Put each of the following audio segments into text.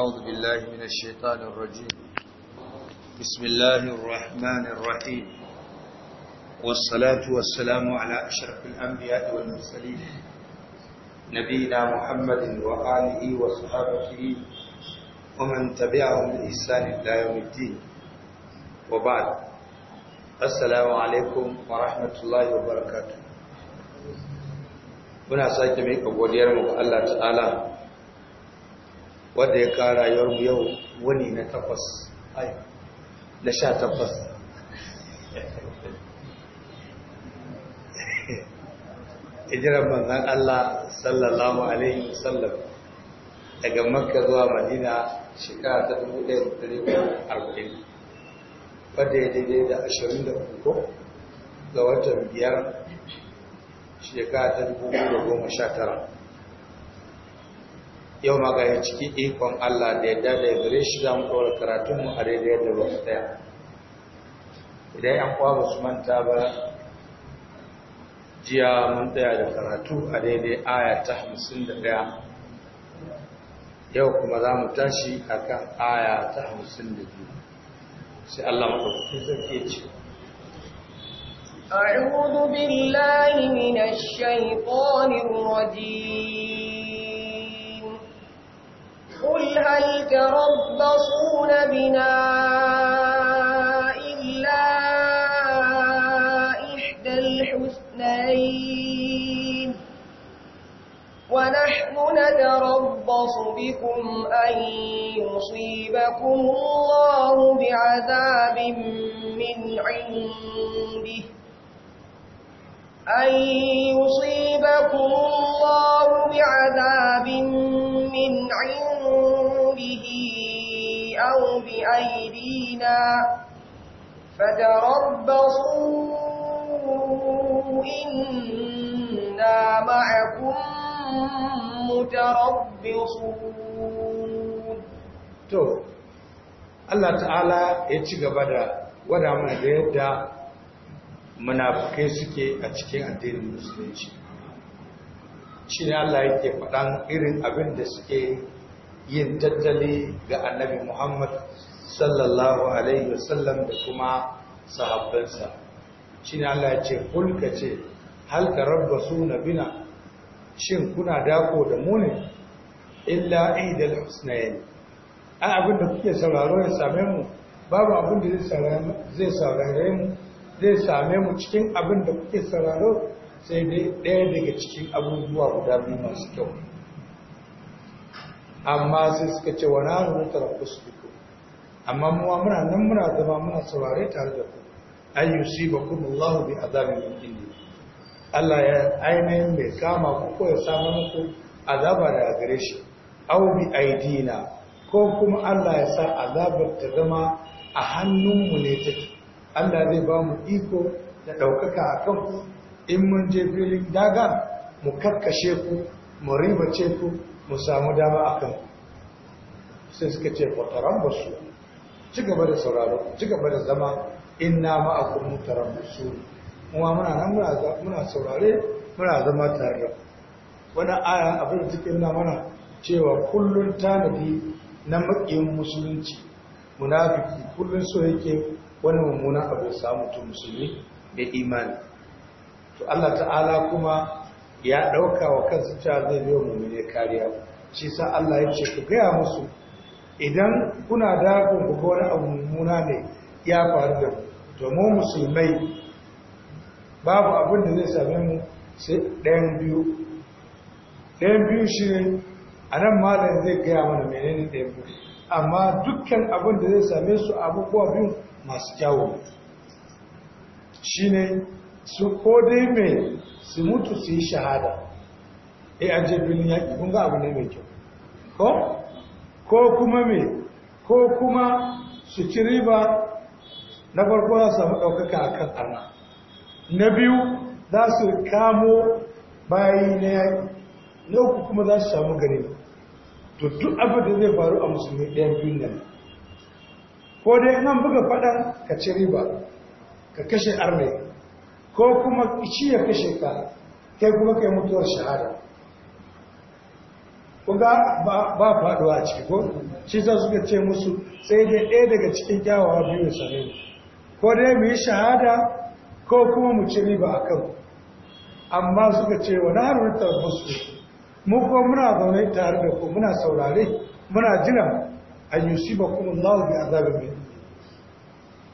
أعوذ بالله من الشيطان الرجيم بسم الله الرحمن الرحيم والصلاة والسلام على أشرف الأنبياء والمرسلين نبينا محمد وآله وصحابته ومن تبعهم بإحسان إلى يوم الدين وبعد السلام عليكم ورحمة الله وبركاته muna sake mai kagodiyar الله تعالى wadda ya kara mu yau wani na takwas na sha takwas hijirar manzan Allah sallallahu alaihi wasallam daga makka zuwa madina shekara ta 1440 wadda ya daidai da 23 ga watan biyar shekara ta 2019 yau ma ga ciki ikon Allah da ya dale gare shi za mu ɗora karatunmu a daidai da ba ɗaya. idan yan kwa ba su manta ba jiya mun tsaya da karatu a daidai aya ta hamsin da ɗaya yau kuma za mu tashi a kan aya ta hamsin da biyu sai Allah maɗauki sarki ce أعوذ بالله من الشيطان الرجيم قل هل تربصون بنا إلا إحدى الحسنين ونحن نتربص بكم أن يصيبكم الله بعذاب من عنده أن يصيبكم الله بعذاب من عنده أو بأيدينا فتربصوا إنا معكم متربصون تو الله تعالى يتشغب هذا ودعمنا بيده munafukai suke a cikin addinin musulunci shi ne Allah yake faɗan irin abin da suke yin tattali ga annabi Muhammad sallallahu alaihi wasallam da kuma sahabbansa shi ne Allah ya ce hulka ce halka rabba suna bina shin kuna dako da mu ne illa idal husnayn a abin da kuke sauraro ya same mu babu abin da zai saurare mu zai same mu cikin abin da kuke sararo, sai dai ɗaya daga cikin abubuwa guda biyu masu kyau amma sai suka ce wa na da tarafi su amma muwa muna nan muna zama muna saurare tare da ku an yi shi ba kuma Allah bi zamin yankin ne Allah ya ainihin mai kama ku ko ya samu muku azaba da gare shi au bi aidina ko kuma Allah ya sa azabar ta zama a hannunmu ne take Allah zai ba mu iko da ɗaukaka a kanku in mun je filin daga mu karkashe ku mu ribace ku mu samu dama a kanku sai suka ce fataran ba su ci gaba da sauraro ci gaba da zama inna ma'akum mutarabbisu kuma muna nan muna saurare muna zama tare da wani aya abin da take mana cewa kullum tanadi na makiyin musulunci munafiki kullum so yake wani mummuna abu samu mutum musulmi da imani to Allah ta'ala kuma ya ɗauka wa kansu cewa zai biyo mummune kariya shi sa Allah ya ce ku gaya musu idan kuna dakon ku wani abu mummuna ne ya faru da ku domin musulmai babu abin da zai same mu sai ɗayan biyu ɗayan biyu shi ne a nan malam zai gaya mana menene ɗayan biyu amma dukkan abin da zai same su abubuwa biyu masu kyawu shi ne su dai mai su mutu su yi shahada a eh, ajiyar filin kun ga abu ne mai kyau ko ko kuma mai ko kuma su ci riba na farko za su samu ɗaukaka a kan Nabiyu na biyu za su kamo bayi na na uku kuma za su samu gani to duk abin da zai faru a musulmi ɗayan biyu ko dai nan buga fada ka ci riba ka kashe arne ko kuma ci ya kashe ka kai kuma kai mutuwar shahada kuga ba faɗuwa a ciki ko shi za suka ce musu sai dai ɗaya daga cikin kyawawa biyu da same ko dai mu yi shahada ko kuma mu ci riba a kan amma suka ce wa na harutar musu mu ko muna zaune tare da ku muna saurare muna jiran an ba kuma Allah bi azabin min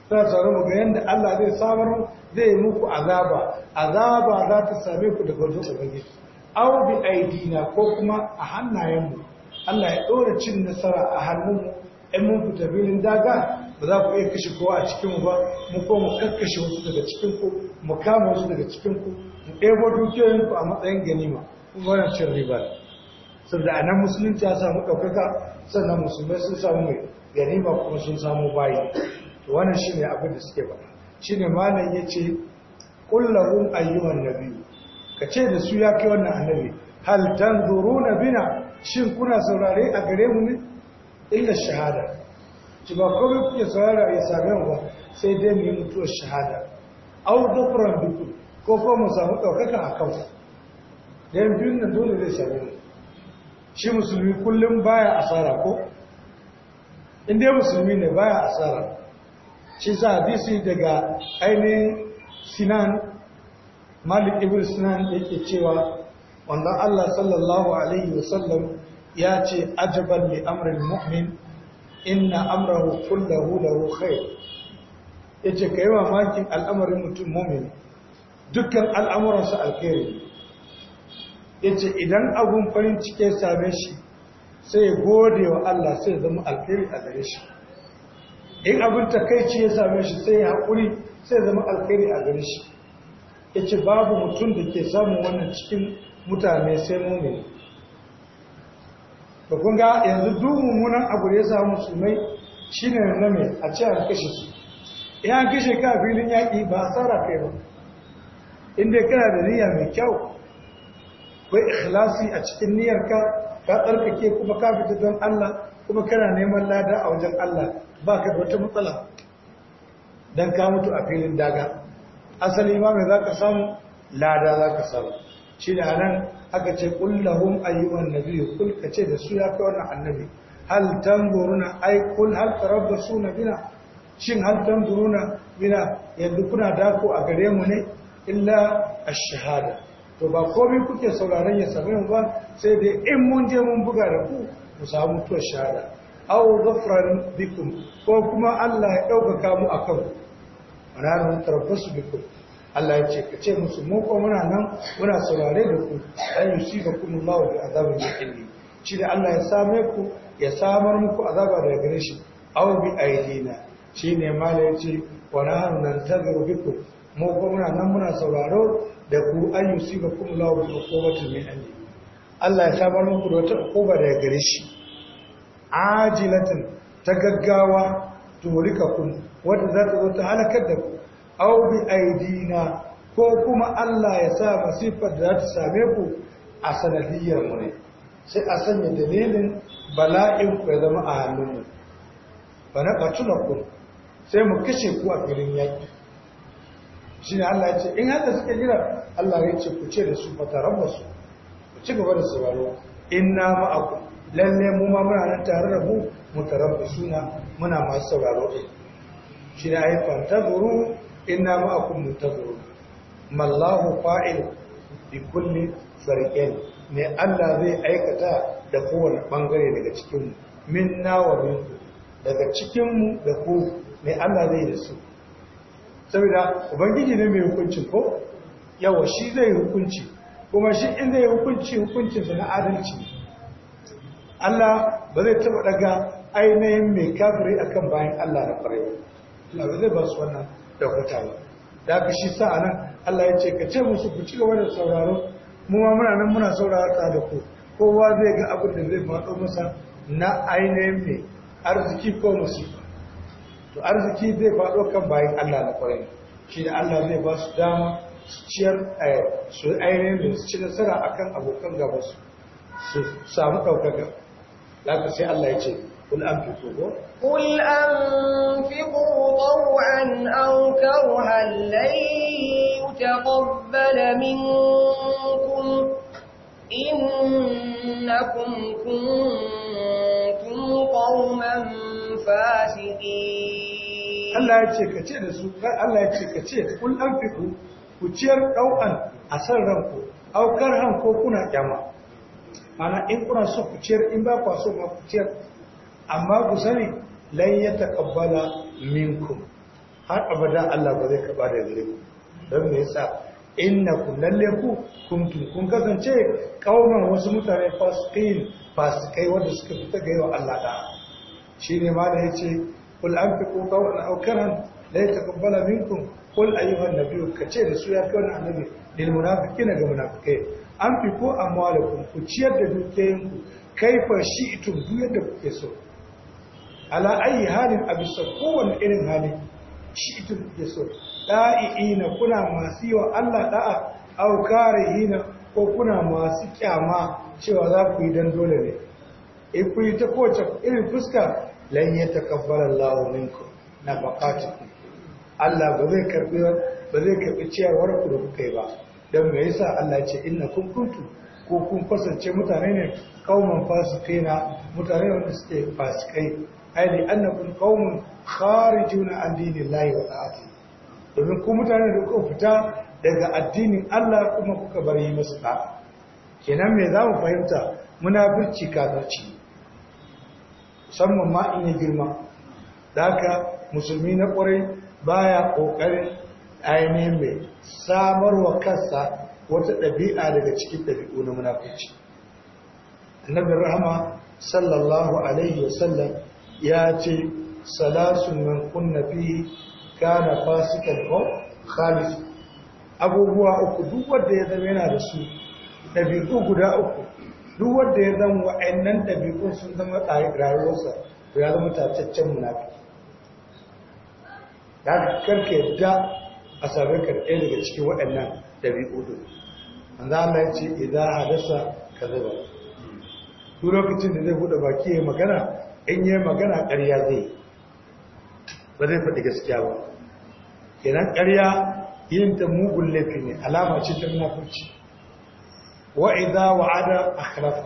ta tsaro mu ga yadda Allah zai samar zai muku azaba azaba za ta same ku daga wajen ubangi aw bi aidina ko kuma a hannayen mu. Allah ya dora cin nasara a hannunmu in mun fita filin daga ba za ku iya kashe kowa a cikin ba mu ko mu kakkashe wasu daga cikin ku mu kama wasu daga cikin ku mu ɗebo ku a matsayin ganima kuma wannan cin riba ne saboda a nan musulunci ya samu ɗaukaka sannan musulmai sun samu mai ganima kuma sun samu bayi to wannan shine abin da suke faɗa shine malam yace kullahum ayyuhan nabi ce da su ya kai wannan annabi hal na bina shin kuna saurare a gare mu ne illa shahada ci ba komai kuke saurara ya sami mu ba sai dai mu yi mutuwar shahada au dukran duk ko kuma mu samu ɗaukaka a kansu dan biyun nan dole zai same shi musulmi kullum baya asara ko inda musulmi ne baya asara shi sa hadisi daga ainihin sinan malik ibn sinan yake cewa wanda Allah sallallahu alaihi wasallam ya ce ajaban li amrin mu'min inna amrahu kullahu lahu khair yace kai mamakin al'amarin mutum mu'min dukkan al'amuransa alkhairi Ya ce idan abun farin ciki ya same shi sai gode wa Allah sai ya zama alkhairi a gare shi in abin takaici ya same shi sai ya haƙuri sai zama alkhairi a gare shi ya ce babu mutum da ke samun wannan cikin mutane sai mummuni da kun yanzu duk mummunan abu da ya samu musulmai shi ne na mai a ce an kashe su in kashe ka filin yaƙi ba a tsara kai ba inda kana da niyya mai kyau akwai ikhlasi a cikin niyyarka ka ka tsarkake kuma ka fita don Allah kuma kana neman lada a wajen Allah ba ka da wata matsala don ka mutu a filin daga asali ma mai za ka samu lada za ka samu shi da nan aka ce kullahum ayyuhan nabiyyu kul ka ce da su ya kai wannan annabi hal tanzuruna ay kul hal tarabbasuna bina shin hal tanzuruna bina yadda kuna dako a gare mu ne illa ash-shahada to ba komai kuke sauraron ya same mu ba sai dai in mun je mun buga da ku mu samu to shahada aw ghafran bikum ko kuma Allah ya daukaka mu akan ranar tarabbasu bikum Allah ya ce ka ce musu mu ko muna nan muna saurare da ku an yusibakum Allah bi azabin jahannam shi da Allah ya same ku ya samar muku azaba daga gare shi aw bi aidina shine mala ce wa nahnu nantaziru bikum mu ko muna nan muna sauraro da ku an kuma lawa Allahu bi uqubatin min indi Allah ya samar muku da wata uquba daga gare shi ajilatin ta gaggawa turika wadda za ta zo ta halakar da ku aw bi aidina ko kuma Allah ya sa masifar da za ta same ku a sanadiyar mu ne sai a sanya dalilin bala'in ku ya zama a hannunmu ba na ku sai mu kashe ku a filin yaƙi ne Allah ya ce in haka suke jira Allah ya ce ku ce da su fatarabbasu ku ci gaba da sauraro inna ma'aku lalle mu ma muna nan tare da mu suna, muna masu sauraro din shi ne ayi fantazuru inna ma'akum muntazuru mallahu fa'il bi kulli farqin ne Allah zai aikata da kowane bangare daga cikin mu minna wa minku daga cikin mu da ku ne Allah zai yi da su saboda ubangiji ne mai hukunci ko yawa shi zai hukunci kuma shi in zai hukunci hukuncinsa na adalci Allah ba zai taɓa daga ainihin mai kafiri akan bayan Allah na farai Allah ba zai ba su wannan da huta ba da ka shi sa anan Allah ya ce ka ce musu ku ci gaba da sauraro mu ma muna nan muna saurara da ku kowa zai ga abin da zai faɗo masa na ainihin mai arziki ko musifa to arziki zai faɗo kan bayan Allah na kwarai shi da Allah zai ba su dama su ciyar eh, su ainihin su ci nasara a kan abokan gaba su samu ɗaukaka ka sai Allah ya ce kul an fito ko kul an fito taw'an aw kun Allah ya ce الفاسقين الله يتشك تشير الله يتشك تشير قل أنفقوا كتير أو أن أسرنكم أو كرهنكم كنا جماعة mana in kuna so ku ciyar in ba kwa so ma ku ciyar amma ku sani lan ya taqabbala minku. har abada Allah ba zai karba da gare ku don me yasa ku lalle ku kuntum kun kasance kauman wasu mutane fasiqin fasikai wanda suka fita ga yawa Allah ɗaya. shi ne ma da ya ce kul an fi kuka wani aukaran da ya takabbala minkun kul ayyuhan biyu. ka ce da su ya fi wani annabi lil munafiqina ga munafikai an fi ko amwalakum ku ciyar da kai kaifa shi ito duk yadda kuke so ala ayi halin a bisa kowane irin hali shi itum kuke so na kuna masu yiwa Allah da'a au hina ko kuna masu kyama cewa za ku yi dan dole ne in kun yi ta kowace irin fuska lan ya takabbara Allah minku na bakatu Allah ba zai karbi ba zai karbi ciyarwar ku da kuka yi ba dan me yasa Allah ce inna kun kuntu ko kun fasance mutane ne kauman fasikaina mutane wanda suke fasikai ai li annakum qaumun kharijuna an dinillahi wa ta'ati domin ku mutane da kuka fita daga addinin Allah kuma kuka bar yi masa da kenan me za mu fahimta munafurci kafirci musamman ma in ya girma da aka musulmi na ƙwarai baya ƙoƙarin ainihin mai samarwa kansa wata ɗabi'a daga cikin ɗabi'u na munafici annabin rahama sallallahu alaihi wasallam ya ce salasun nan kunna fi kana fasikan ko khalis abubuwa uku duk wanda ya zama yana da su ɗabi'u guda uku duk wanda ya zama wa'annan ɗabi'un sun zama rayuwarsa to ya zama tacaccen munafi da haka karka yadda a sami karɓe daga cikin waɗannan ɗabi'u ɗin an za a ce idan hadasa ka zaba duk lokacin da zai buɗe baki ya magana in yi magana ƙarya zai ba zai faɗi gaskiya ba kenan ƙarya yin ta mugun laifi ne alama ce ta munafurci wa idza wa'ada akhlafa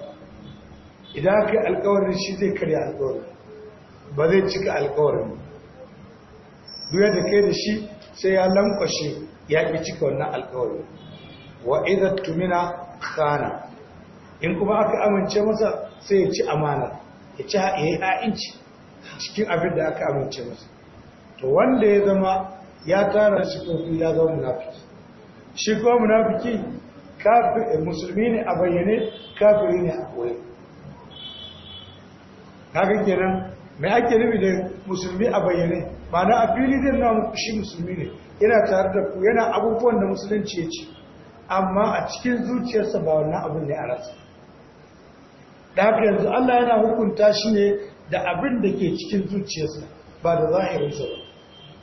idan ka alƙawarin shi zai karya alƙawarin ba zai cika alƙawarin duk da kai da shi sai ya lankwashe ya ki cika wannan alƙawarin wa idza tumina khana in kuma aka amince masa sai ya ci amana ya ci ya ha'inci cikin abin da aka amince masa to wanda ya zama ya tara shi kofi ya zama munafiki shi ko munafiki Eh, musulmi ne a bayyane kafiri ne a koyi kaga kenan mai ake nufi da musulmi a bayyane ba na a fili zai na shi musulmi ne yana tare da ku yana abubuwan da musulunci ya ce amma a cikin zuciyarsa ba wannan abin ne a rasa da haka yanzu Allah yana hukunta shi ne da abin da ke cikin zuciyarsa ba da zahirin ba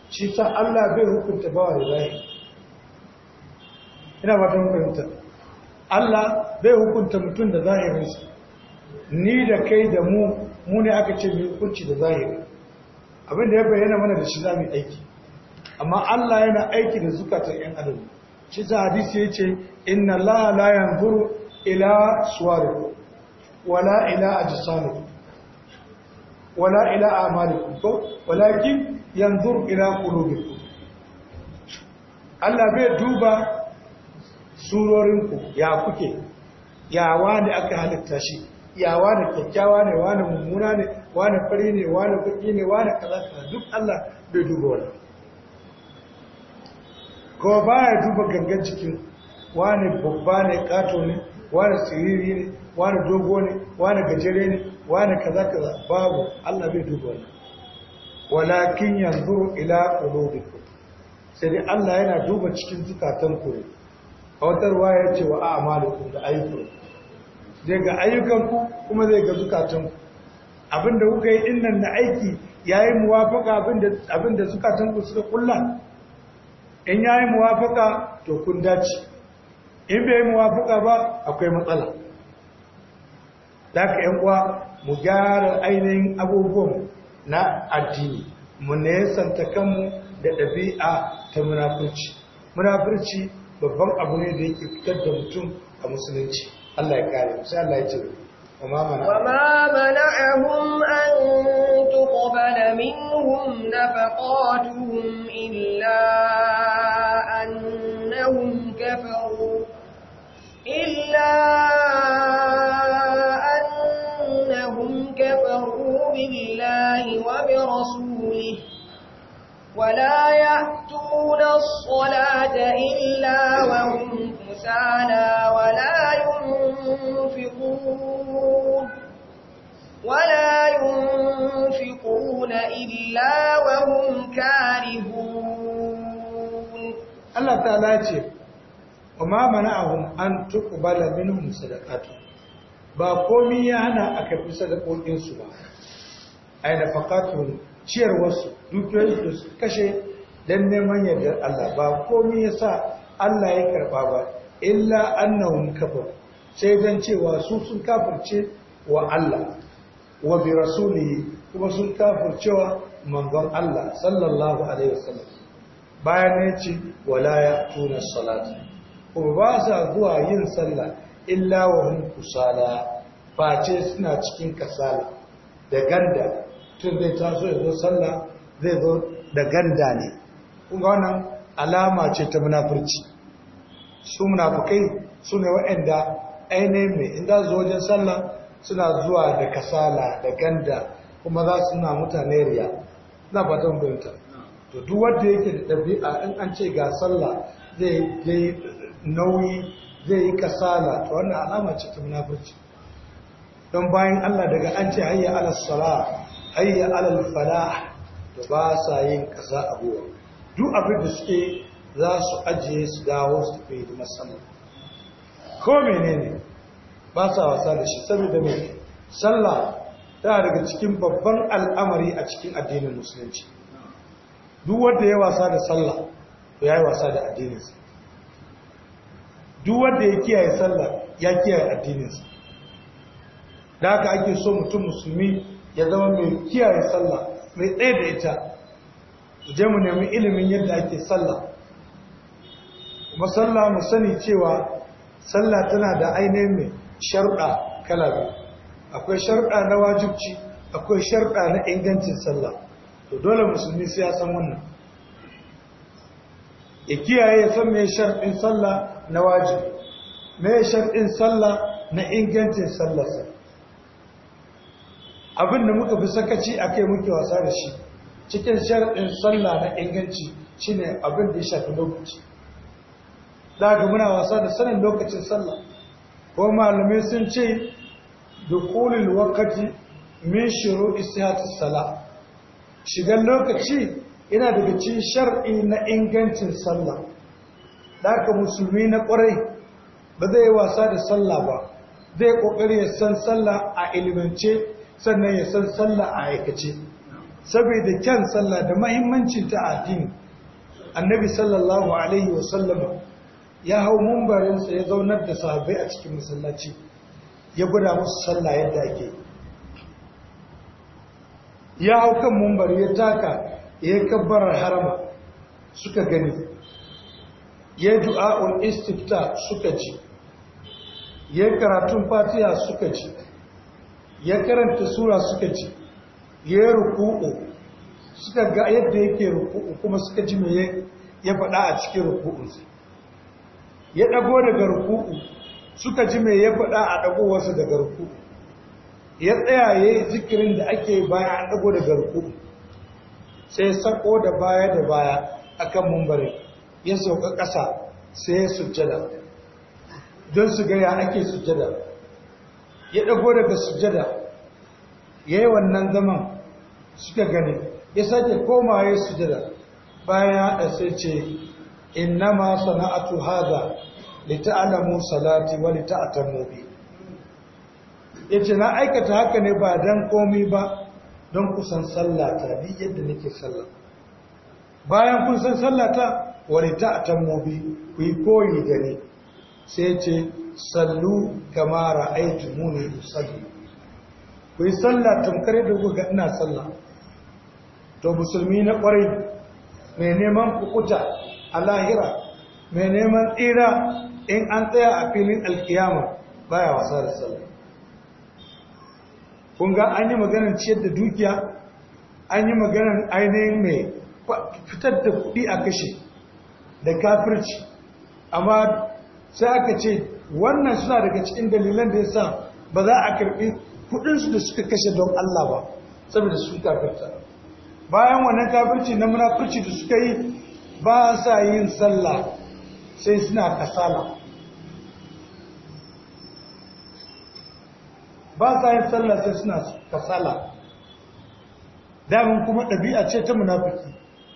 shi sa Allah bai hukunta ba wa da zahiri ina ba ta hukunta Allah bai hukunta mutum da zahirinsa ni da kai da mu mu ne aka ce mai hukunci da zahiri abin da ya bayyana mana da shi za mu aiki amma Allah yana aiki da zukatan ƴan adam shi ta hadisi ya ce inna Allah la yanzuru ila suwarikum wala ila ajsamikum wala ila a'malikum ko walakin yanzuru ila qulubikum Allah bai duba surorinku ya kuke yawa wani aka halitta shi yawa wani kyakkyawa ne wani mummuna ne wani fari ne wani kuɗi ne wani kalata duk Allah bai duba wani ko ba ya duba gangan cikin wani babba ne kato ne wani siriri ne wani dogo ne wani gajere ne wani kaza kaza babu Allah bai duba wani walakin yanzu ila qulubikum sai dai Allah yana duba cikin zukatan ku a ya ya ce wa a amalikun da ayyukan zai ga ayyukanku kuma zai ga zukatanku abinda kuka yi dinnan na aiki ya yi muwafaka abinda zukatanku suka kulla in ya yi muwafaka to kun dace in bai yi muwafaka ba akwai matsala daka yan uwa mu gyara ainihin abubuwan na addini mu ne santa kanmu da ɗabi'a ta munafurci munafurci babban abu ne da yake fitar da mutum a musulunci Allah ya kare sai Allah ya ce وما منعهم أن تقبل منهم نفقاتهم إلا أنهم كفروا إلا أنهم كفروا بالله وبرسوله ولا يأتون يؤتون الصلاة إلا وهم كسانا ولا ينفقون ولا ينفقون إلا وهم الله تعالى وما منعهم أن تقبل منهم صدقاتهم ba komi ya hana a karfi sadakokinsu ba a yi fakatun ciyarwarsu dukiyar su kashe dan neman yardar Allah ba komai sa Allah ya karɓa ba illa annahum kafaru sai dan cewa su sun kafirce wa Allah wa bi rasulihi kuma sun wa manzon Allah sallallahu alaihi wasallam bayan ne ce wala ya tuna salati kuma ba sa zuwa yin sallah illa wa hum kusala face suna cikin kasala da ganda tun zai taso ya zo sallah zai zo da ganda ne kun wannan alama ce ta munafurci su munafukai su ne waɗanda ainihin mai inda su wajen sallah suna zuwa da kasala da ganda kuma za su na mutane riya na fatan fahimta to duk wanda yake da ɗabi'a in an ce ga sallah zai yi nauyi zai yi kasala to wannan alama ce ta munafurci don bayan Allah daga an ce hayya alal sala hayya alal falah to ba sa yin kasa abuwa duk abin da suke za su ajiye su dawo su tafi da ko menene ba sa wasa da shi saboda mai sallah ta daga cikin babban al'amari a cikin addinin musulunci duk wanda ya wasa da sallah to ya yi wasa da addininsa duk wanda ya kiyaye sallah ya kiyaye addininsa da haka ake so mutum musulmi ya zama mai kiyaye sallah mai tsaye da ita je mu nemi ilimin yadda ake sallah kuma sallah mu sani cewa sallah tana da ainihin mai sharuɗa kala biyu akwai sharuɗa na wajibci akwai sharuɗa na ingancin sallah to dole musulmi sai ya san wannan ya kiyaye ya san mai sharɗin sallah na wajib mai sharɗin sallah na ingancin sallarsa abin da muka fi sakaci a kai muke wasa da shi cikin sharaɗin sallah na inganci shi ne abin da ya shafi lokaci daga muna wasa da sanin lokacin sallah ko malamai sun ce da dukulul wakati min shiru isihatis sala shigan lokaci yana daga ci shar'i na ingancin sallah Da ka musulmi na ƙwarai ba zai wasa da sallah ba zai ƙoƙari ya san sallah a ilimance sannan ya san sallah a aikace saboda kyan sallah da mahimmancin ta addini annabi sallallahu alaihi wasallam ya hau mumbarinsa ya zaunar da sahabbai a cikin masallaci ya gwada musu sallah yadda ake ya hau kan mumbar ya taka ya kabbarar harama suka gani ya du'a'un istifta suka ci, ya karatun fatiha suka ci, ya karanta sura suka ci. ya ruku'u suka ga yadda yake ruku'u kuma suka ji me ya faɗa a cikin ruku'unsa ya ɗago daga ruku'u suka ji me ya faɗa a ɗagowarsa daga ruku'u ya tsaya ya yi zikirin da ake baya a ɗago daga ruku'u sai sako da baya da baya akan mumbari ya sauka ƙasa sai ya sujjada don su gaya ake sujjada ya ɗago daga sujjada ya yi wannan zaman suka gani ya sake koma ya sujada bayan ya haɗa sai ce innama sana'atu haza lita'alamu salati wa lita'atamu bi yace na aikata haka ne ba dan komai ba don kusan sallata bi yadda nake salla bayan kun san sallata wa lita'atamu bi ku yi koyi da ni sai ce sallu kama ra'aytumuni usalli ku yi sallah tamkar da kuka ina sallah to musulmi na kwarai mai neman kukuta a lahira mai neman tsira in an tsaya a filin alkiyama baya wasa da sallah kun ga an yi maganar ciyar da dukiya an yi maganar ainihin mai fitar da kuɗi a kashe da kafirci amma sai aka ce wannan suna daga cikin dalilan da ya sa ba za a karɓi kudinsu da suka kashe don Allah ba saboda su kafirta bayan wannan kafirci na munafurci da suka yi ba sa yin sallah sai suna kasala ba sa yin sallah sai suna kasala damin kuma ɗabi'a ce ta munafiki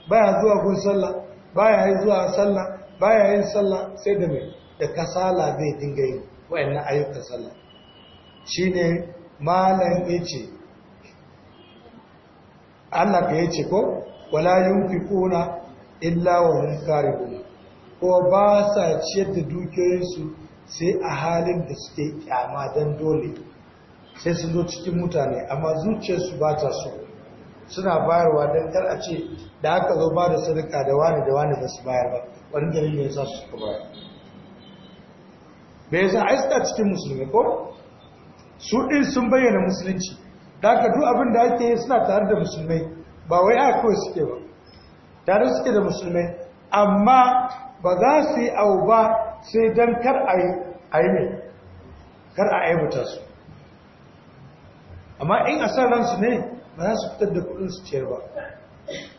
baya zuwa gun sallah baya yi zuwa sallah baya yin sallah sai da mai da kasala zai dinga yi wayannan ayyukan sallah shine malan yace Allah ka yace ko wala yunfiquna illa wa hum karibun ko ba sa ciyar da su sai a halin da suke kyama dan dole sai sun zo cikin mutane amma zuciyarsu ba ta so suna bayarwa don kar a ce da aka zo ba da sadaka da wani da wani ba su bayar ba wani dalilin ya sa su suka bayar bai yasa a iska cikin musulmi ko su ɗin sun bayyana musulunci da aka duk abin da ake yi suna tare da musulmai ba wai a kawai suke ba tare suke da musulmai amma ba za su yi abu ba sai don kar a yi mai kar a yi mutar su amma in a san ransu ne ba za su fitar da kudin su ciyar ba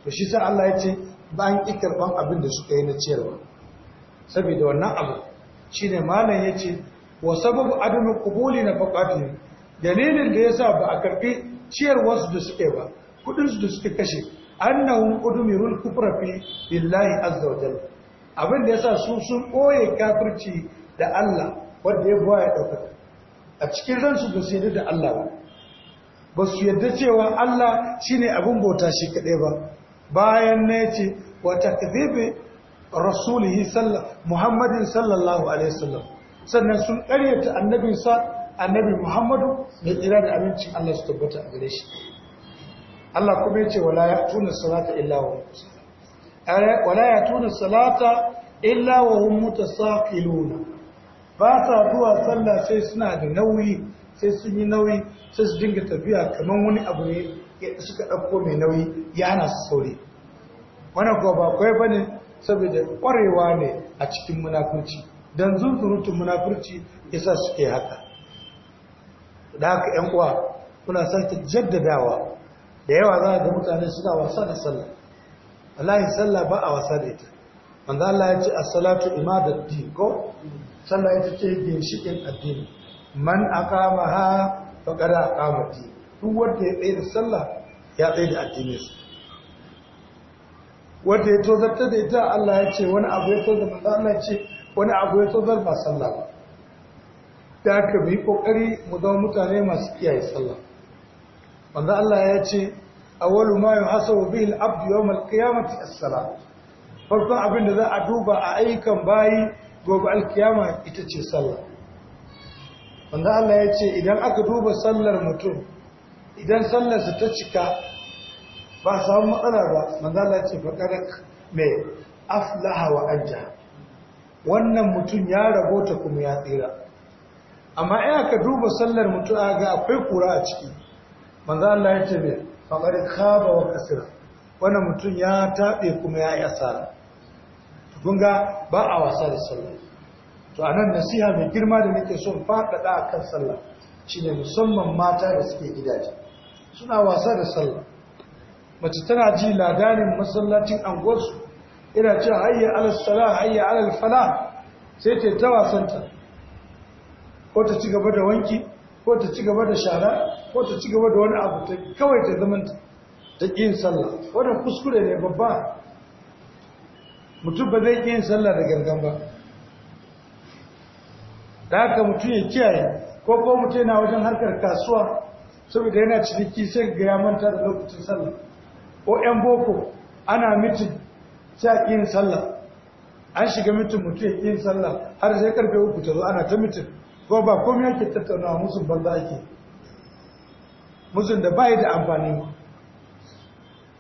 Ba shi sa Allah ya ce ba an ƙi karɓan abin da suka yi na ciyar ba. saboda wannan abu shine malam ya ce wa sababu adamin kubuli na faƙatiyar dalilin da ya sa ba a ciyar wasu da suke ba su da suke kashe annahu udumirul kufra fi billahi azza wa jalla abin da ya sa su sun ɓoye kafirci da Allah wanda ya buwa ya ɗaukaka a cikin ransu ba su da Allah ba ba su yadda cewa Allah shine abin bauta shi kaɗai ba bayan na ce wa takzibi rasulihi muhammadin sallallahu alaihi wasallam sannan sun ƙaryata annabinsa annabi muhammadu mai tsira da amincin allah su tabbata a gare shi allah kuma ya ce wala ya tuna salata illa wa eh, wala ya tuna ba ta zuwa sallah sai suna da nauyi sai sun yi nauyi sai su dinga tafiya kamar wani abu ne suka ɗauko mai nauyi ya hana su sauri wannan kuwa ba kwai bane saboda ƙwarewa ne a cikin munafurci don zunzurutun munafurci yasa suke haka da haka ‘yan uwa kuna sake jaddadawa da yawa za ga mutane suna wasa da sallah Allahin sallah ba a wasa da ita wanda Allah ya ce a salatu imadar din ko sallah ita ce ginshikin addini man kama ha faƙada kama din duk wanda ya tsaye da sallah ya tsaye da su wanda ya tozarta da ita Allah ya ce wani abu ya tozarta Allah ya ce wani abu ya tozar ba sallah ba ta ka bi kokari mu zama mutane masu kiyaye sallah wanda Allah ya ce awwalu ma yuhasabu bihi al-abd yawm al-qiyamati as-salah farkon abin da za a duba a ayyukan bayi gobe al al-qiyama ita ce sallah wanda Allah ya ce idan aka duba sallar mutum idan sallar sa ta cika ba samu matsala ba manzo Allah ya ce faqad me aflaha wa ajja wannan mutum ya ta kuma ya tsira amma ina ka duba sallar mutum a ga akwai kura a ciki manzo Allah ya ce bai faƙar kaba wa kasira wannan mutum ya taɓe kuma ya yi asara kun ga ba a wasa da sallah to anan nasiha mai girma da nake son faɗaɗa a kan sallah shine musamman mata da suke gidaje suna wasa da sallah mace tana ji ladanin masallacin anguwarsu ina cewa hayya alal salah hayya alal falah sai ta ta wasanta ko ta ci gaba da wanki ko ta ci gaba da shara ko ta ci gaba da wani abu ta kawai ta zamanta ta yin sallah wannan kuskure ne babba mutum ba zai yin sallah da gargan ba da haka mutum ya kiyaye ko ko mutum yana wajen harkar kasuwa saboda yana ciniki sai ga ya manta da lokacin sallah ko yan boko ana mitin sai a sallah an shiga mutum mutum ya ƙin sallah har sai karfe uku ta zo ana ta mutum ko ba komai yake tattaunawa musun banza ake musun da bai da amfani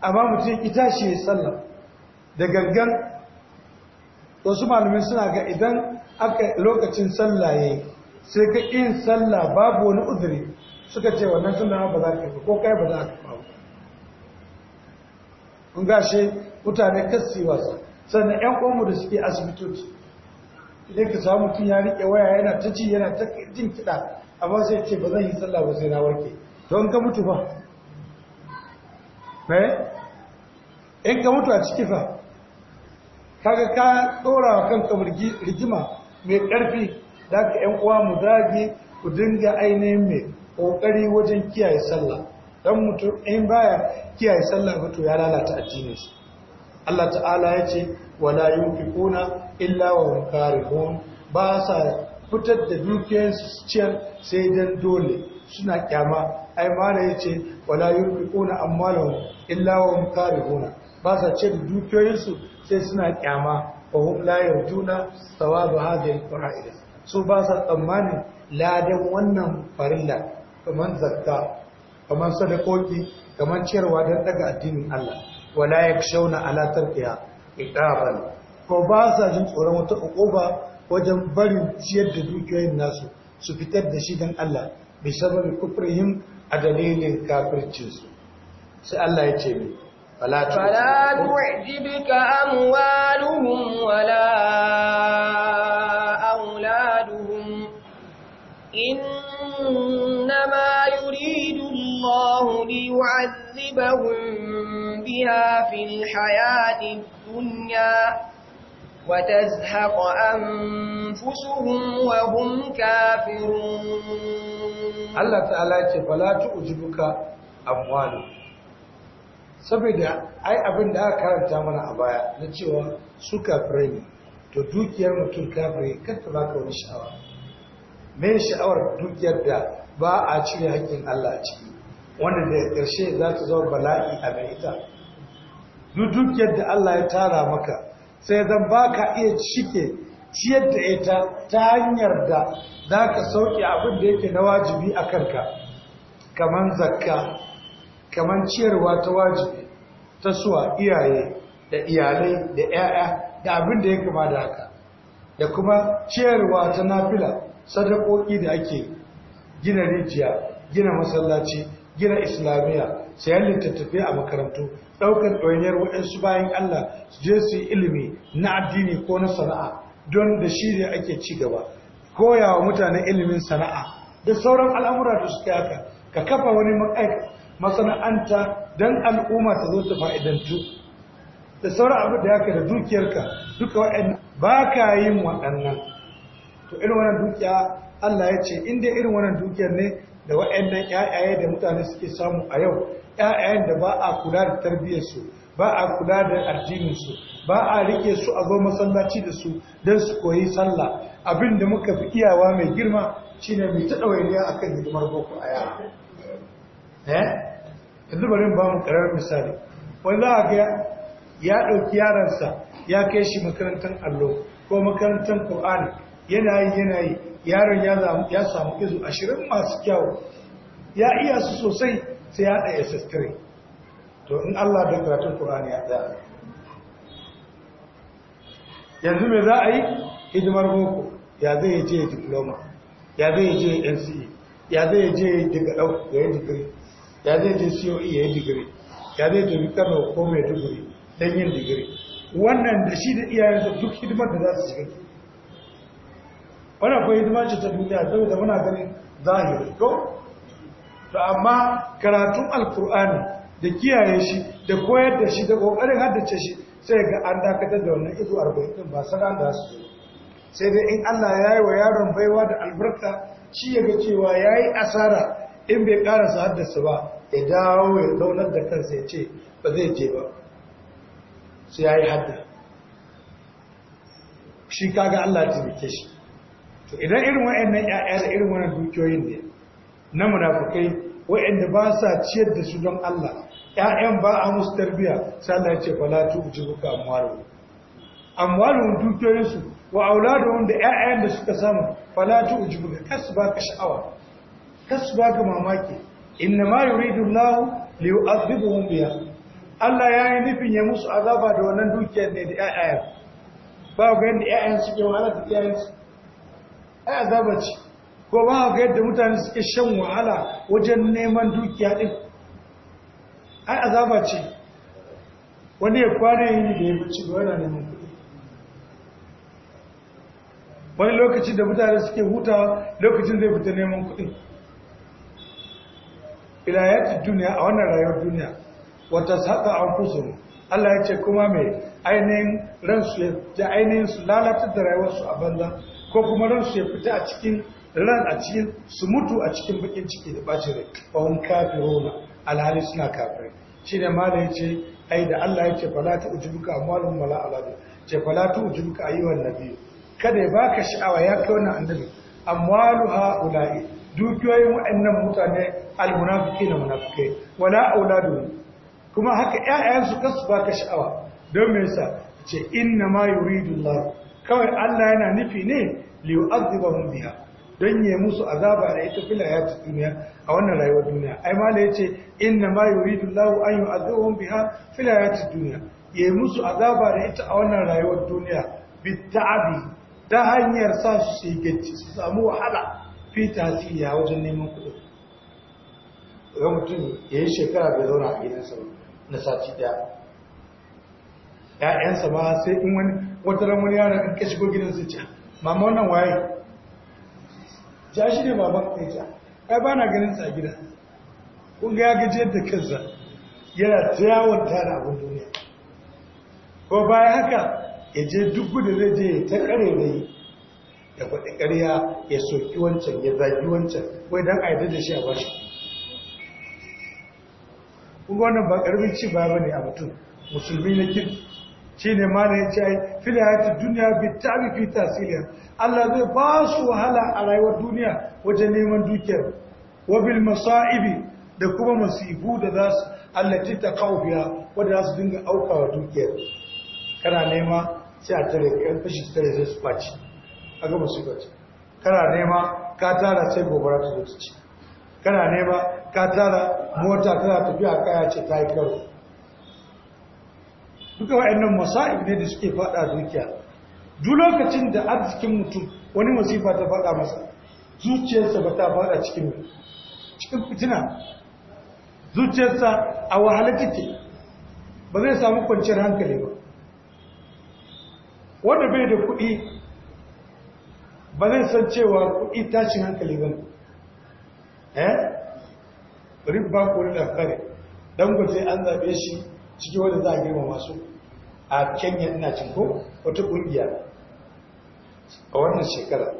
amma mutum ita shi ya sallah da gangan wasu malamai suna ga idan aka lokacin sallah ya yi sai ka yin sallah babu wani uzuri suka ce wannan suna ba za ka yi ko kai ba za ka yi ba kun gashe mutane kasi wasa sannan yan kwanmu da suke asibitoci idan ka samu mutum ya riƙe waya yana ta ci yana ta jin kiɗa amma sai ce ba zan yi sallah ba sai na warke an ka mutu ba eh in ka mutu a ciki fa kaga ka dora wa kanka rigima mai ƙarfi da ka yan uwa mu dage ku dinga ainihin mai ƙoƙari wajen kiyaye sallah don mutum in baya kiyaye sallah ba to ya lalata addinin shi Allah ta'ala ya ce wala yunfiquna illa wa hum karihun ba sa fitar da dukiyar su ciyar sai dan dole suna kyama ai ce wa wala yunfiquna amwalahum illa wa hum karihun ba sa ce su sai suna kyama wa hum la yarjuna thawabu hadhihi al-fara'id su ba sa tsammanin ladan wannan farilla kamar zakka kamar sadakoki kamar ciyarwa don daga addinin Allah wala yakshawna ala tarkiha iqaban ko ba sa jin tsoron wata uquba wajen barin ciyar da dukiyoyin nasu su fitar da shi dan Allah bi sababi kufrihim a dalilin kafircinsu sai Allah ya ce mai فلا تعجبك أموالهم ولا أولادهم إنما يريد الله ليعذبهم بها في الحياة الدنيا وتزهق أنفسهم وهم كافرون الله تعالى فلا تعجبك أموالهم saboda ai abin da aka karanta mana a baya na cewa su kafirai ne to dukiyar mutum kafirai kanta ba ka wani sha'awa mai sha'awar dukiyar da ba a cire haƙƙin Allah ciki wanda da ƙarshe za ta zama bala'i a mai duk yadda Allah ya tara maka sai zan baka iya cike ciyar da ita ta hanyar da za ka sauke abin da yake na wajibi a kanka kamar zakka kamar ciyarwa ta wajibi ta suwa iyaye da iyalai da 'ya'ya da abin da ya kama da haka da kuma ciyarwa ta nafila sadakoki da ake gina rijiya gina masallaci gina islamiyya sayan littattafai a makarantu ɗaukar ɗoyiniyar waɗansu bayan Allah su je su yi ilimi na addini ko na sana'a don da shi ne ake ci gaba koya wa mutane ilimin sana'a da sauran al'amura da suke haka ka kafa wani masana'anta don al'umma ta zo ta fa'idantu da sauran abu da yaka da dukiyarka duka waɗannan ba ka yin waɗannan to irin wannan dukiya Allah ya ce inda irin wannan dukiyar ne da waɗannan ‘ya’ya’ya da mutane suke samu a yau ‘ya’ya’yan da ba a kula da tarbiyyarsu ba a kula da arjininsu ba a rike su a zo masallaci da su don su koyi sallah abin da muka fi iyawa mai girma shine mai ta a kan hidimar boko a yara eh yanzu bari ba mu karar misali wani za a ga ya ɗauki yaransa ya kai shi makarantar allo ko makarantar ƙur'ani yanayi yanayi yana yi yaron ya samu izu ashirin masu kyau ya iya su sosai sai ya ɗaya ss3 to in allah da karatun Kur'ani ya ɗaya yanzu mai za a yi hidimar boko ya zai je diploma ya zai je nce ya zai je daga ɗau ya yi digiri ya zai je coe ya yi digiri ya zai tafi kano ko mai digiri don yin digiri wannan da shi da iyayensa duk hidimar da za su shiga ke. wani akwai hidima ce ta duniya saboda muna ganin zahiri ko to amma karatun alkur'ani da kiyaye shi da koyar da shi da kokarin haddace shi sai ga an dakatar da wannan izu arba'in din ba sanan da su sai dai in Allah ya yi wa yaron baiwa da albarka shi ya ga cewa ya yi asara in bai karasa haddasa ba ya dawo ya zaunar da kansa ya ce ba zai je ba sai ya yi hadda shi kaga Allah ya taimake shi to idan irin wa'annan ƴaƴa da irin wannan dukiyoyin ne na munafikai wa'anda ba sa ciyar da su don Allah ƴaƴan ba a musu tarbiya sai ya ce fala tujibuka amwaru amwaru dukiyoyin su wa auladuhum da ƴaƴan da suka samu fala tujibuka kas baka sha'awa kas baka mamaki inna ma yuridu Allah li yu'adhibuhum biha Allah ya yi nufin ya musu azaba da wannan dukiyar ne da ƴaƴa ba ga yadda ƴaƴan suke wahala da ƴaƴan su ai azaba ce ko ba ka yadda mutane suke shan wahala wajen neman dukiya din ai azaba ce wani ya kwana yi da ya bacci ba yana neman kuɗi wani lokaci da mutane suke huta lokacin zai fita neman kuɗi ilayatun duniya a wannan rayuwar duniya wata saka an kusuru Allah ya ce kuma mai ainihin ransu ya ainihin su lalata da rayuwarsu a banza ko kuma ran su ya fita a cikin ran a cikin su mutu a cikin bakin ciki da ɓaci rai bawon kafirona alhali suna kafirai shi ne mala ya ce ai da Allah ya ce fala ta ujubuka amwalun wala aladu ce fala ta ujubuka ayyuhan nabi kada ya baka sha'awa ya kai wannan annabi ha ula'i dukiyoyin wa'annan mutane almunafiki na munafikai wala auladu kuma haka ƴaƴansu kasu baka sha'awa don me yasa ce inna ma yuridu Allah kawai Allah yana nufi ne liyu'adhibahum biha don yi musu azaba da ita fila ya ci duniya a wannan rayuwar duniya ai ce yace inna ma yuridu Allahu an yu'adhibahum biha fila ya ci duniya yi musu azaba da ita a wannan rayuwar duniya bitta'abi ta hanyar sa su shigacci su samu wahala fi tasiriya wajen neman kuɗi ga mutum ya yi shekara bai zauna a gidansa na sati daya ‘ya'yansa ma sai in wani wata ran wani an in ka shigo gidan su ce mama wannan waye ja shi ne baban ka ja ai ba na ganin sa gida kun ga ya gajiyar da kansa yana ta yawon tara abin duniya ko bayan haka ya je duk gudun zai je ta kare ne ya faɗi ƙarya ya soki wancan ya zagi wancan wai don aida da shi a bashi kuma wannan ba ƙarfin ci ba ne a mutum musulmi na kirki shine ne yace ai fil hayatid duniya bitabi fi tasiliha Allah zai ba su wahala a rayuwar duniya wajen neman dukiyar wa bil masaibi da kuma masifu da za su allati ta biha wanda za su dinga auka wa dukiyar kana nema sai a tare kan fashi tare sai su faci a ga masifa kana nema ka tara sai gobara ta zo ta ci kana nema ka tara mota tana tafiya kaya ce ta yi karo duka wa'annan masa'ib ne da suke fada dukiya duk lokacin da arzikin mutum wani masifa ta fada masa zuciyarsa ba ta fada cikin cikin fitina zuciyarsa a wahala take ba zai samu kwanciyar hankali ba wanda bai da kuɗi ba zai san cewa kuɗi tashin hankali ba eh ribba ko da kare dangote an zaɓe shi cikin wanda za a girma masu a kenya ina cin ko wata kungiya a wannan shekara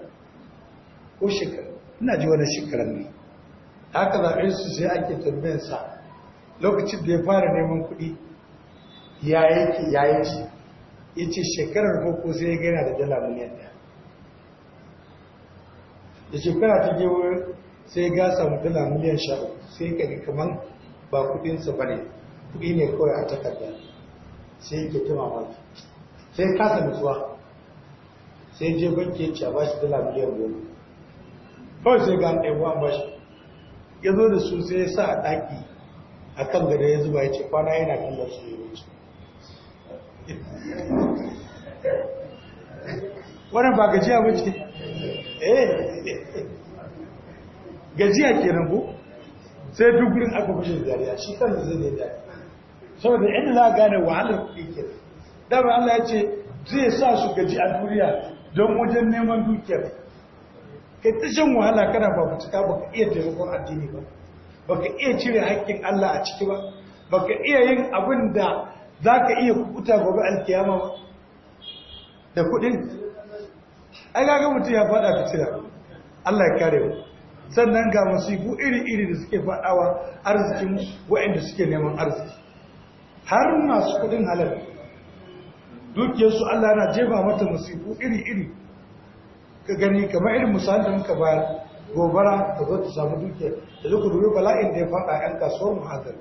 ko shekara ina ji wani shekarar ne haka zaɓe su sai ake sa. lokacin da ya fara neman kuɗi ya yake ya yi ci ya ce shekarar ko-ko sai ya gana da dala miliyan ɗaya da shekara ta gewa sai ga samu dala miliyan sha uku sai ka kamar ba kuɗinsa ba ne kuɗi ne kawai a takarda sai yake ta mamaki sai kasa nutsuwa sai je banki ya ba shi dala miliyan goma kawai sai ga ɗaiwa ba shi ya zo da su sai ya sa a ɗaki a kan gada ya zuba ya ce kwana yana kallon su ya wuce wannan ba gajiya ba ce eh gajiya kenan ko sai duk gurin aka kushe dariya shi kan zai ne dariya saboda inda za a gane wahalar kuɗi ke dama Allah ya ce zai sa su gaji a duniya don wajen neman dukiyar kai ta wahala kana ba ku cika ba ka iya taimakon addini ba ba ka iya cire haƙƙin Allah a ciki ba ba ka iya yin abin da za ka iya kukuta gobe alkiyama ba da kuɗin ai ga mutum ya faɗa ka cira Allah ya kare ba sannan ga masu iri-iri da suke faɗawa arzikin waɗanda suke neman arziki har masu kudin halal dukiyarsu Allah na jefa mata musibu iri-iri ka gani kamar irin musamman da muka bayar gobara da zo ta samu dukiyar da zuku dubi bala'in da ya faɗa 'yan kasuwar muhazar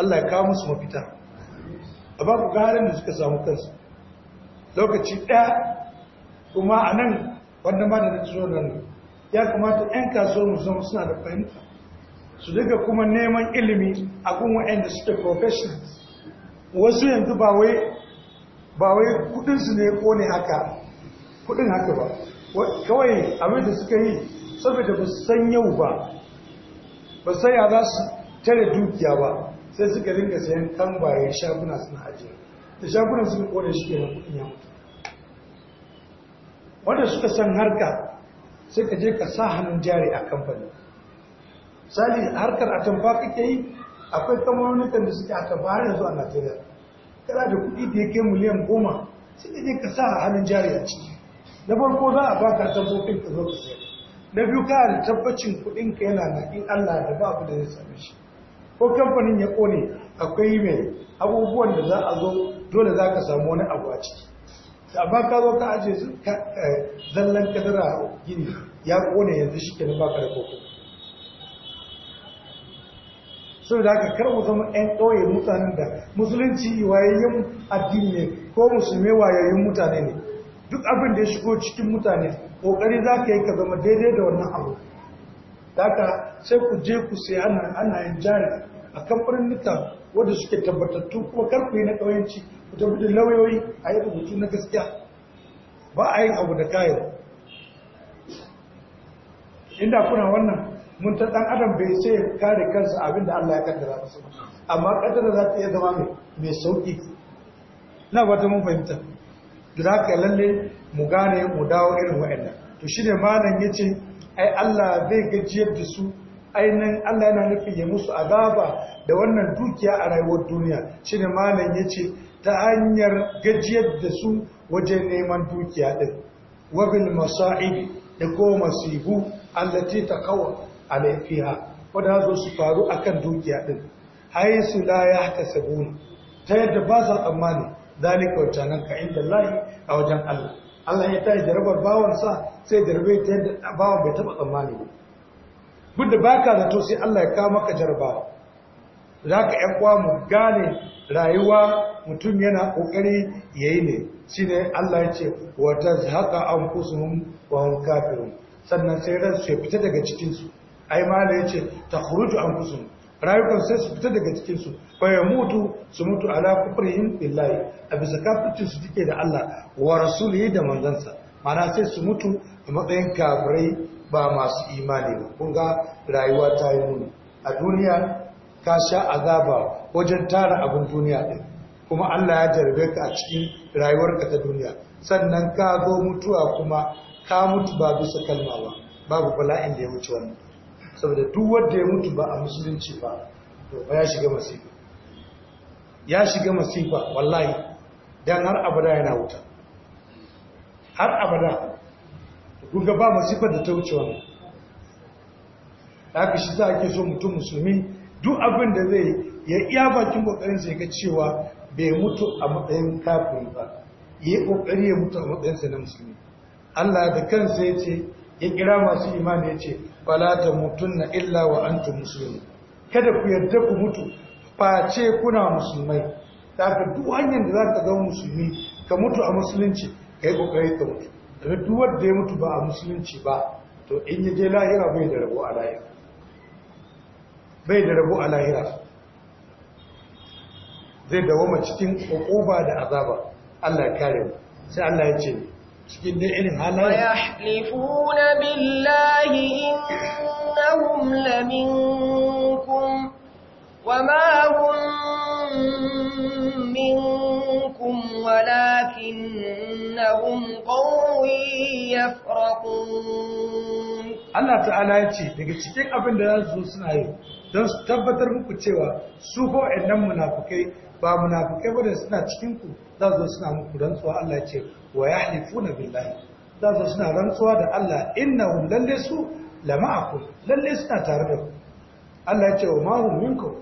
Allah ya kawo musu mafita a ba ku halin da suka samu kansu lokaci ɗaya kuma a nan wanda ma da zo nan ya kamata 'yan kasuwar musamman suna da fahimta su daga kuma neman ilimi a kuma 'yan da suke professionals wasu yanzu ba wai kudinsu ne kone haka kudin haka ba kawai abin da suka yi saboda ba san yau ba ba sai ya za su tare dukiya ba sai suka rinka sayan tambaye shaguna suna ajiye da shaguna sun kone shi ke na kudin yau wanda suka san harka sai ka je ka sa hannun jari a kamfani sali harkar atamfa kake yi akwai kamfanonin da suke atamfa har yanzu a najeriya tara da kuɗi da ya kai miliyan goma sai da ka sa a hannun jari a ciki na farko za a baka dabbobin ka zo ka na biyu ka da tabbacin kuɗin ka yana na in Allah da ba da zai same shi ko kamfanin ya kone akwai mai abubuwan da za a zo dole za ka samu wani abu a ciki Da ba ka zo ka aje eh, zallan kadara gini ya kone yanzu shi ke na baka da kofin sau da aka kar mu zama 'yan ƙauye mutanen da musulunci wayayyun addini ne ko musulmi wayayyun mutane ne duk abin da ya shigo cikin mutane ƙoƙari za ka yi ka zama daidai da wannan abu daga sai ku je ku sai ana yin jari a kamfanin nuta wadda suke tabbatattu kuma karku yi na ƙauyenci ku tafi da lauyoyi a yi rubutu na gaskiya ba a yin abu da kayan inda kuna wannan mun ta dan adam bai sai ya kare kansa abinda Allah ya kaddara masa amma kaddara za ta iya zama mai mai sauki na wata mun fahimta da haka lalle mu gane mu dawo irin wa'annan to shine malam yace ai Allah zai gajiyar da su ainihin Allah yana nufin ya musu azaba da wannan dukiya a rayuwar duniya shine malam yace ta hanyar gajiyar da su wajen neman dukiya din wabil masa'ib da ko masibu allati kawo. Alaifiya wadda za su faru akan dukiya ɗin haisu la ya tasabuna ta yadda ba sa tsammani zalika nan ka inda lahi a wajen Allah Allah ya yi jarabar bawansa sai jarabe ta yadda bawan bai taba tsammani ba duk da baka zato sai Allah ya kawo maka jarabawa ka ƴan kwa mu gane rayuwa mutum yana kokari yi ne shi ne, Allah ya ce haka an anfusuhum wa hum kafirun sannan sai ran su fita daga cikinsu. ai mala yace takhruju anfusuhum rayukan sai su fita daga cikin su fa yamutu su mutu ala kufrihim billahi a bisa kafircin su dike da Allah wa rasulihi da manzansa mana sai su mutu a matsayin kafirai ba masu imani ba kun ga rayuwa ta yi nuni. a duniya ka sha azaba wajen tara abin duniya din kuma Allah ya jarbe ka a cikin rayuwarka ta duniya sannan ka zo mutuwa kuma ka mutu ba bisa kalma ba babu bala'in da ya wuce wannan saboda duk wanda ya mutu ba a musulunci ba to ba ya shiga masifa ya shiga masifa wallahi dan har abada yana wuta har abada kun ga ba masifar da ta wuce wannan haka shi za ake so mutum musulmi duk abin da zai ya iya bakin kokarin sai ga cewa bai mutu a matsayin kafin ba ya yi kokari ya mutu a matsayin sa na musulmi Allah da kansa ya ce ya kira masu imani ya ce fala na illa wa antum muslimun kada ku yarda ku mutu face kuna musulmai haka duk hanyar da za ka zama musulmi ka mutu a musulunci kai kokari ka mutu da duk wanda ya mutu ba a musulunci ba to in yaje lahira bai da rabo a lahira bai da rabo a lahira zai ma cikin hukuma da azaba Allah ya kare mu sai Allah ya ce cikin da irin halaye wa yahlifuna billahi innahum laminkum wa hum minkum walakinnahum qawmun yafraqun Allah ta'ala ya ce daga cikin abin da za zo suna yi don su tabbatar muku cewa su ko ɗan munafukai ba munafukai ba suna cikin ku za su suna muku rantsuwa Allah ce wa ya na billahi za su suna rantsuwa da Allah innahum lalle su lama'akum lalle suna tare da ku Allah ce wa mahum minkum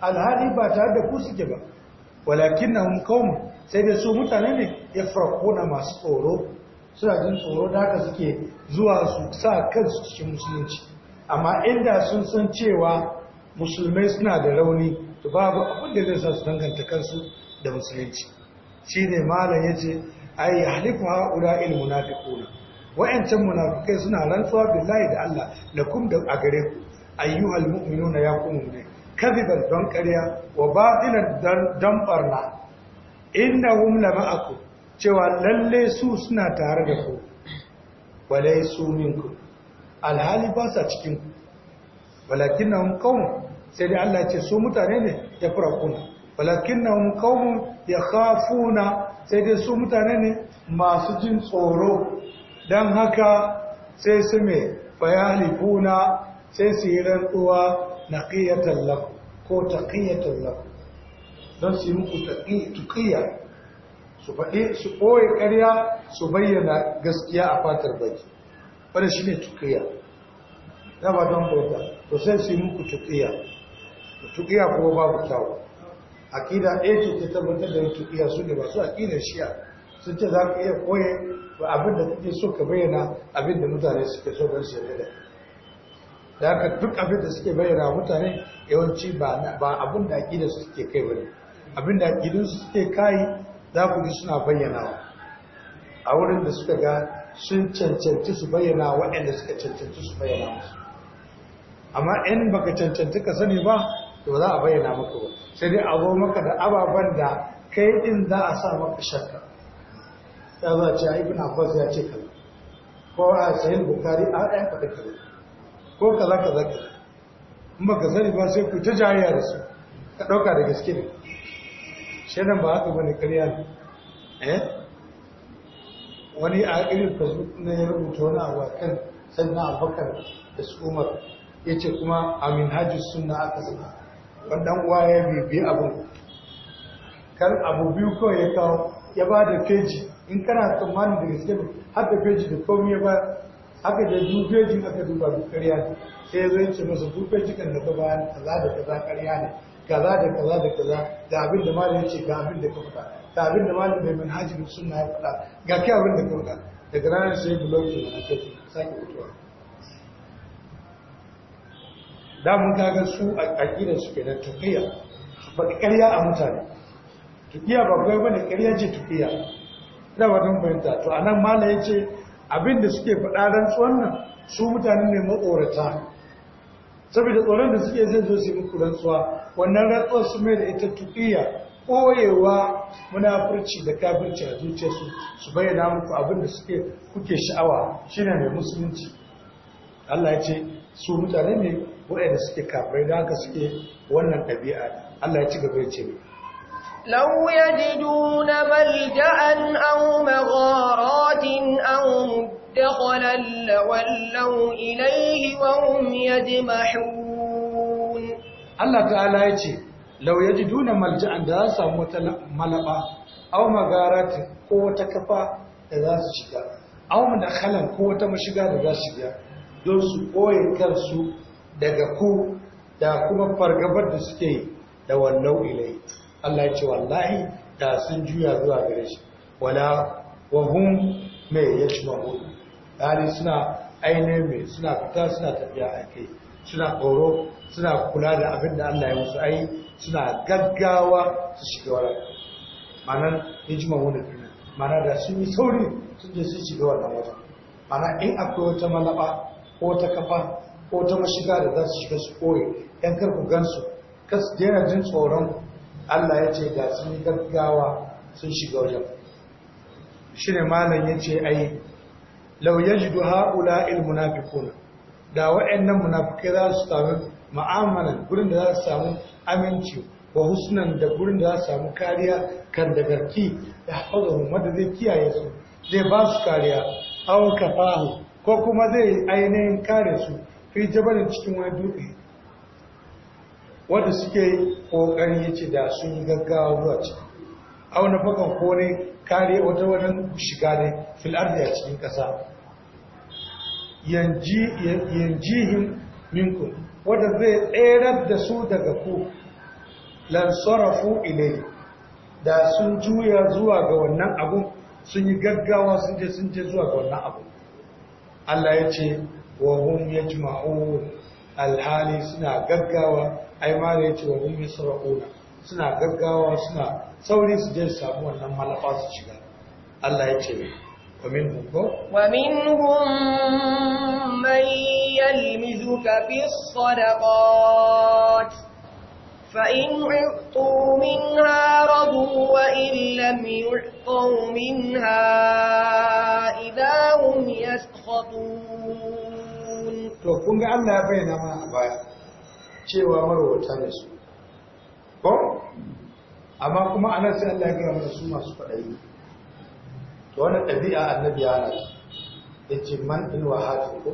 alhali ba tare da ku suke ba Walakin na qaumun sai dai su mutane ne ya yafraquna masu tsoro suna jin tsoro da haka suke zuwa su sa kansu cikin musulunci amma inda sun san cewa musulmai suna da rauni to babu abin da zai sa su danganta kansu da musulunci shi ne malam ya ce ai halifu ha'ula il munafiquna wa'ancan munafikai suna rantsuwa billahi da Allah kum da a gare ku ayyuhal mu'minuna ya kuma mu'min kadiban don karya wa batilan don barna innahum aku. cewa lalle su suna tare da ku walai su minku alhali ba sa cikin ku walakin na hunkawun sai dai Allah ce su mutane ne ya furakuna walakin na kawun ya kafuna sai dai su mutane ne masu jin tsoro don haka sai su mai bayalikuna sai su yi rantsuwa na ƙiyatar lafi ko ta taƙiyatar lafi don su yi muku tuƙiyar su faɗi su ɓoye ƙarya su bayyana gaskiya a fatar baki wadda shi ne tukiya na ba don bauta to sai su yi muku tukiya tukiya kuma babu kyau akida ɗaya ce ta tabbatar da tukiya su ne masu akida shiya sun ce za ka iya koye abin da kake so ka bayyana abin da mutane suke so don shi da da haka duk abin da suke bayyana mutane yawanci ba abin da akida su suke kai bane abin da akidun su suke kai za ku ji suna bayyanawa a wurin da suka ga sun cancanci su bayyana waɗanda suka cancanci su bayyana musu amma in baka cancanci ka sani ba to za a bayyana maka ba sai dai abu maka da ababen da kai din za a sa maka shakka ya za ce ibn abbas ya ce kala. ko a sayin bukari a ɗayan faɗi kala ko kaza za ka in ka sani ba sai ku ta jariya da su ka ɗauka da gaske ne nan ba haka bane karya ne eh wani a irin facebook na ya rubuta wani abu kan sannan abubakar da su umar ya ce kuma amin hajji sunna aka zama wani dan uwa ya bibi abin kan abu biyu ko ya kawo ya ba da feji in kana tsammani da gaske haka feji da komai ba haka da du feji aka duba da ƙarya sai ya zo yace masa du feji kan da ka kaza da kaza ƙarya ne kaza da kaza da kaza da abin da malam yace ga abin da ka faɗa ga abin da malam bai manhajin sunna ya faɗa ga kai abin da ka faɗa daga ranar sai bulogi da na kai sake fitowa damun kaga su a ƙaƙirar su ke da tukiya su faɗi ƙarya a mutane tukiya ba ba bane ƙarya ce tukiya ina wajen fahimta to a nan mala ya ce abinda suke faɗa don tsohon nan su mutane ne matsorata saboda tsoron da suke zai zo su muku rantsuwa wannan rantsuwar su mai da ita tukiya koyewa munafurci da kafirci a zuciyarsu su bayyana muku abin da suke kuke sha'awa shine mai musulunci Allah ya ce su mutane ne waɗanda suke kafirai don haka suke wannan ɗabi'a Allah ya ci gaba ce ne. Lau ya ji duna malja'an an Allah ta'ala ya ce, Lau ya ji duna malja'an da za su samu wata malaba, au magaratin ko wata kafa da za su shiga, au madakhalan ko wata mashiga da za su shiga don su ɓoye kansu daga ku da kuma fargabar da suke da wannan ilai Allah ya ce wallahi da sun juya zuwa gare shi wala hum me ya ci mahudu ɗari suna ainihin me suna fita suna tafiya a kai suna tsoro suna kula da abin da Allah ya musu ai suna gaggawa su shiga wala manan ya ji mahudu mana da sun yi sauri sun je sun shiga wannan wata mana in akwai wata malaba ko ta kafa ko ta mashiga da za su shiga su koye ‘yan karku gansu kas daina jin tsoron Allah ya ce da sun yi gaggawa sun shiga wajen shi ne malam ya ce ai duha ula ha'ula munafikun da wa'annan munafikai za su sami ma'amalan gurin da za su samu aminci wa husnan da gurin da za su samu kariya kan da garki da haɗa wanda zai kiyaye su zai ba su kariya awon kafahu ko kuma zai ainihin kare su fi jabarin cikin wani dutse wanda suke kokari yace da sun yi gaggawa zuwa ciki a wani fakan ko kare wata wajen shiga ne fil ardi a cikin kasa yanji yanjihim Minku, wanda zai tserar da su daga ku lan sarafu ilai da sun juya zuwa ga wannan abu, sun yi gaggawa sun je sun je zuwa ga wannan abu. Allah ya ce وهم يجمعون الحالي سنا قرقاوة أي ما ريت وهم يسرقون سنا قرقاوة سنا سوري سجل سابون لما لفاس شغال الله يتشوي ومنهم ومنهم من يلمزك في الصدقات فإن عطوا منها رضوا وإن لم يعطوا منها إذا هم يسخطون to kun ga Allah ya bayyana mana a baya cewa marwata ne su ko amma kuma anan sai Allah ya gaya mana su masu faɗayi to wannan ɗabi'a annabi ya ana yace man in wahati ko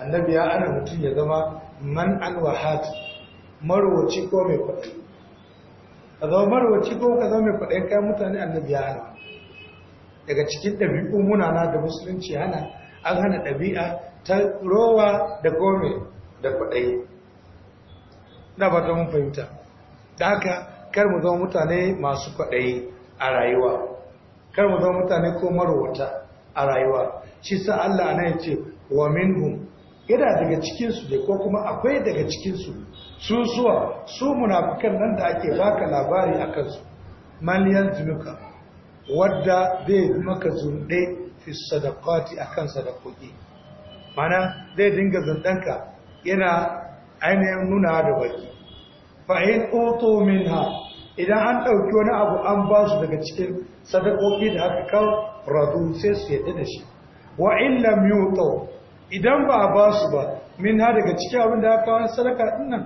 annabi ya ana mutum ya zama man an wahati marwaci ko mai faɗayi ka zama marwaci ko ka zama mai faɗayi kai mutane annabi ya ana daga cikin ɗabi'un munana da musulunci hana an hana ɗabi'a ta rowa da gome da kwaɗayi na ba ta mun fahimta da haka kar mu zama mutane masu kwaɗayi a rayuwa kar mu zama mutane ko marowata a rayuwa shi sa Allah na ya ce wa minhum yana daga cikinsu ne ko kuma akwai daga cikinsu su suwa su munafikan nan da ake baka labari a kansu man yanzu wadda zai maka zunɗe fi sadaqati akan sadaqoki mana zai dinga zandanka yana ainihin nuna da baki fa in min minha idan an ɗauki wani abu an ba su daga cikin sadaqoki da aka kawo radu sai su yadda da shi wa in lam idan ba a ba su ba minha daga cikin abin da aka kawo sadaka dinnan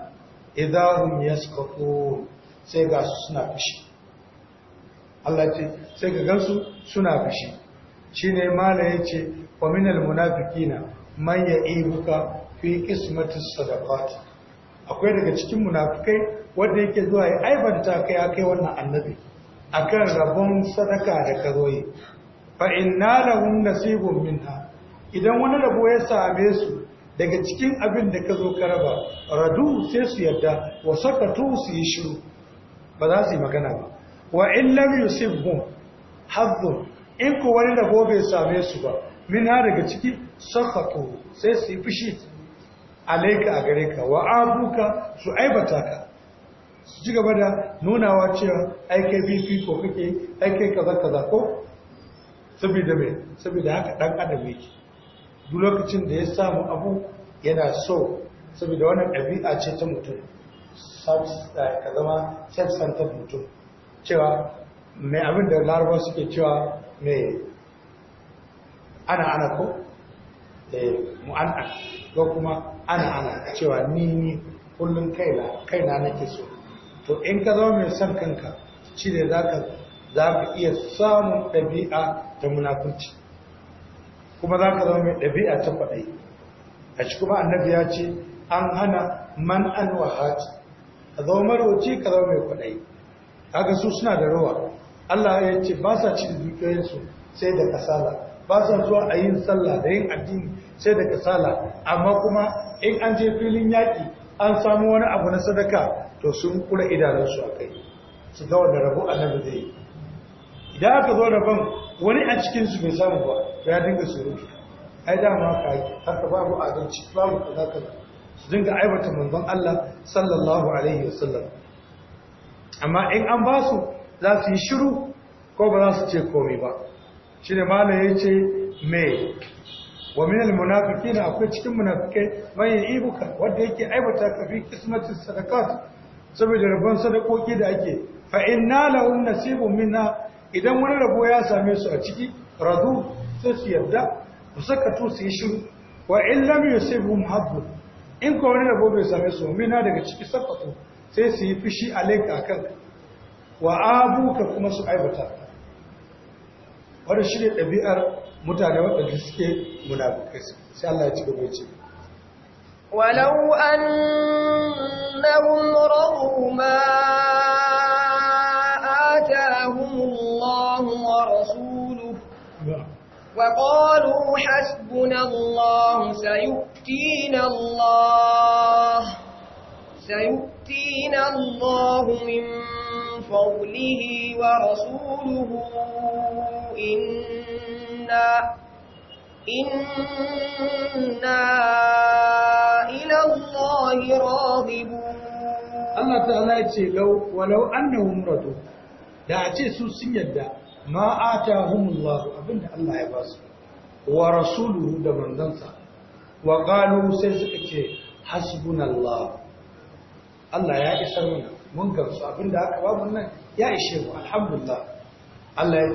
idahum yasqatun sai ga su suna fishi Allah ce sai ga gansu suna fushi shine mala yace ce minal na man Ibuka fi qismatis sadaqat akwai daga cikin munafikai wanda yake zuwa ya aibanta kai kai wannan annabi akan rabon sadaka da kazoyi fa inna lahum nasibun minha idan wani rabo ya same su daga cikin abin da ka zo ka raba radu sai su yadda wa sakatu su yi shiru ba za su yi magana ba wa in lam yusibhum hazzun in ku wani da bai same su ba min daga ciki sakhato sai su yi fushi alaika a gare ka wa abuka su aibata ka su ci gaba da nunawa cewa bi bifi ko kake ai kai kaza kaza ko saboda mai saboda haka dan adam yake duk lokacin da ya samu abu yana so saboda wannan ɗabi'a ce ta mutum eh, ka zama self-centered mutum cewa mai abin da larabar suke cewa me ana ana ko eh ko kuma ana ana cewa ni ni kullun kaina kaina nake so to in ka zama mai son kanka shi ne zaka zaka iya samun ɗabi'a ta munafunci kuma zaka zama mai ɗabi'a ta faɗai. a cikin annabi ya ce an hana man an wahati ka zama maroci ka zama mai faɗai. kaga su suna da rawa Allah ya ce ba sa cin dukiyarsu sai da kasala ba sa zuwa a yin sallah da yin addini sai da kasala amma kuma in an je filin yaƙi an samu wani abu na sadaka to sun kura idanunsu a kai su ga wanda rabu nan da yi idan aka zo rabon wani a cikinsu bai samu ba ya dinga surutu ai dama ka yi haka babu adalci babu kaza kaza su dinga aibata manzon Allah sallallahu alaihi wasallam amma in an ba su za su yi shiru ko ba za su ce komai ba shi ne malam ya ce mai wa minal munafiki na akwai cikin munafikai mai ibuka wanda yake aibata ka fi kismatin sadakat saboda rabon sadakoki da ake fa inna lahum nasibun minna idan wani rabo ya same su a ciki radu sai su yarda su saka to su yi shiru wa in lam yusibhum hadd in ko wani rabo bai same su minna daga ciki sakatu sai su yi fishi alaika akan wa abuka kuma su aibata wadda shi ne ɗabi'ar mutane waɗanda suke muna bukasi sai Allah ya ci gaba ce walau an na ra'u ma a ta Allah wa rasulu wa hasbunan lahun حسبنا الله lahun الله سيؤتينا lahun مما بفضله ورسوله إنا إنا إلى الله راغبون الله تعالى يتسي لو ولو أنهم ردوا da a ce su sun yarda, ma atahumullahu abinda Allah ya basu wa rasuluhu da manzansa wa qalu sai suka ce Allah ya isar mana mun gamsu abinda aka ba nan ya ishe mu alhamdulillah Allah ya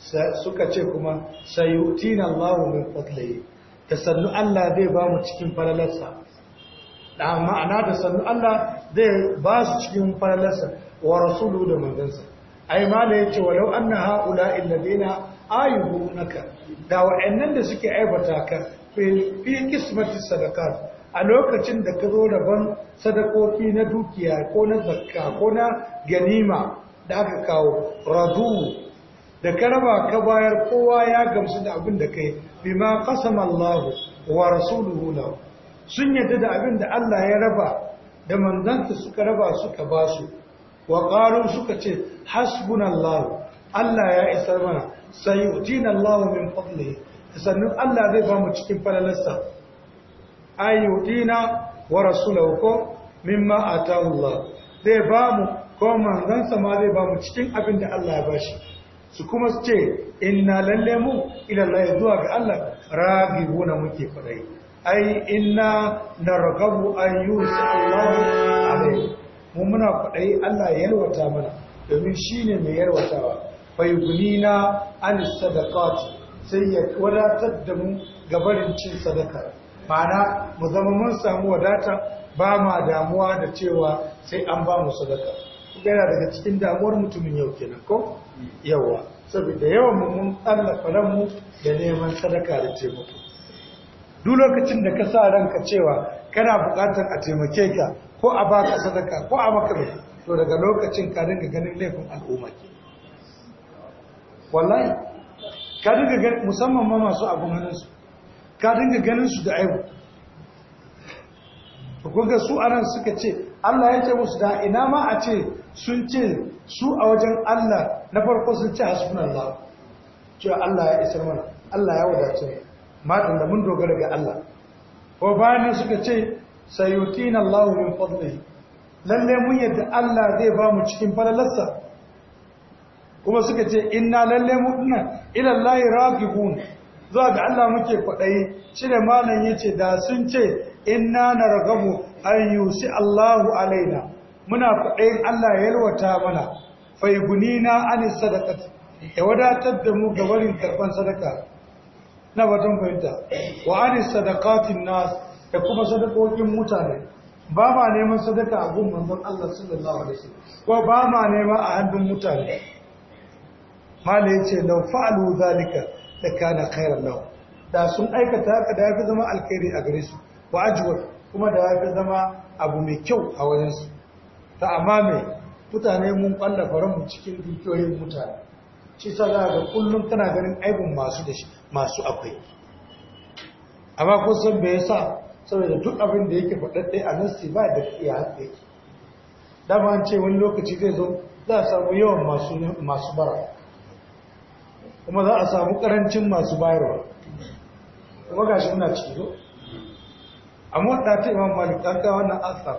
ce suka ce kuma sayutina Allahu min fadlihi da sannu Allah zai ba mu cikin falalarsa da ma'ana da sannu Allah zai ba su cikin falalarsa wa rasulu da manzansa ai ma da yace walau anna haula alladina ayuhu da wa'annan da suke aibata ka fi qismati sadaqat a lokacin da ka zo rabon sadakoki na dukiya ko na zakka ko na ganima da aka kawo radu da ka raba ka bayar kowa ya gamsu da abin da kai bima qasama Allahu wa rasuluhu lahu sun yadda da abin da Allah ya raba da manzanta suka raba suka ba su wa qalu suka ce hasbunallahu Allah ya isar mana sayyutina Allahu min fadlihi sannan Allah zai ba mu cikin falalarsa ayyudina wa rasulahu ko mimma a Allah zai ba mu ko manzansa ma zai ba mu cikin abin da Allah ya bashi su kuma su ce ina lalle mu ilalla ya zuwa ga Allah wuna muke fadai ai na nargabu ayyusa Allah alaihi mu muna fadai Allah ya yalwata mana domin shine mai yalwatawa fayughnina an sadaqati sai ya wadatar da mu gabarin cin sadaka ma'ana mu zama mun samu wadata ba ma damuwa da cewa sai an ba mu sadaka yana daga cikin damuwar mutumin yau kenan ko yawa saboda yawan mu mun tsallafa ranmu da neman sadaka da taimako duk lokacin da ka sa ranka cewa kana buƙatar a taimake ka ko a baka sadaka ko a maka to daga lokacin ka dinga ganin laifin al'umma ke wallahi ka dinga musamman ma masu abin hannunsu ka dinga ganin su da aibu kuka su anan suka ce Allah ya ce musu da ina ma a ce sun ce su a wajen Allah na farko sun ce Allah. cewa Allah ya isar mana Allah ya wadace matan da mun dogara ga Allah ko bayan suka ce sayutina Allah min fadlihi lalle mun yadda Allah zai ba mu cikin falalarsa kuma suka ce inna lalle mu ina ila Allah raqibun zuwa ga Allah muke kwaɗayi shi ne malam ya ce da sun ce inna na ragamu an yusi Allahu alaina muna kwaɗayin Allah ya yalwata mana Fai guni na ani sadaka ya wadatar da mu ga barin karɓar sadaka na batun fahimta wa ani sadakatin nas da kuma sadakokin mutane ba ma neman sadaka a gun manzon Allah sallallahu alaihi wasallam ko ba ma neman a hannun mutane mala ce, law fa'alu zalika da kana khairan lahu da sun aikata haka da yafi zama alkhairi a gare su wa ajwar kuma da yafi zama abu mai kyau a wajen su ta amma mai mutane mun kwalla mu cikin dukiyoyin mutane shi sa za ga kullum kana ganin aibin masu da shi masu akwai amma ko san me yasa saboda duk abin da yake faɗaɗɗe a nan sai ba da iya haɗe dama an ce wani lokaci zai zo za a samu yawan masu bara kuma za a samu karancin masu bayarwa kuma gashi muna ciki zo amma da ta imam malik ta ga wannan asar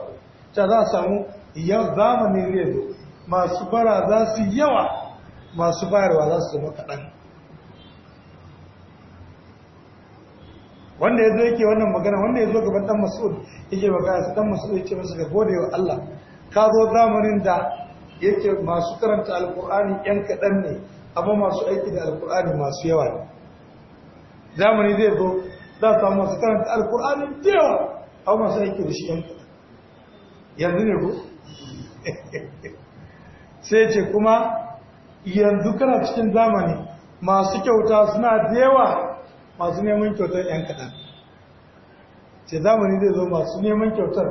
ta za a samu yau zamani zai masu bara za su yawa masu bayarwa za su zama kaɗan wanda ya zo yake wannan magana wanda ya zo gaban dan masu'ud yake magana su dan masu'ud yake masu ga gode wa Allah ka zo zamanin da yake masu karanta alkur'ani yan kaɗan ne amma masu aiki da alkur'ani masu yawa ne zamani zai zo za su samu masu karanta alkur'ani da yawa amma masu aiki da shi yan yanzu ne ko sai ce kuma yanzu kana cikin zamani masu kyauta suna da yawa masu neman kyautar yan kaɗan ce zamani zai zo masu neman kyautar